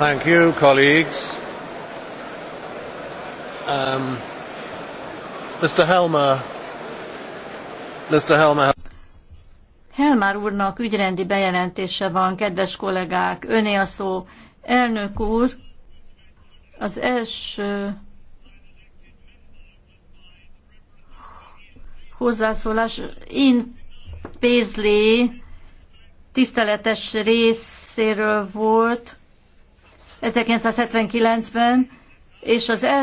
Thank you, colleagues. Um, Mr. Helmer, Mr. Helmer. Helmer úrnak ügyrendi bejelentése van, kedves kollégák, öné a szó. Elnök úr, az első hozzászólás, én Paisley tiszteletes részéről volt, 1979-ben, és az első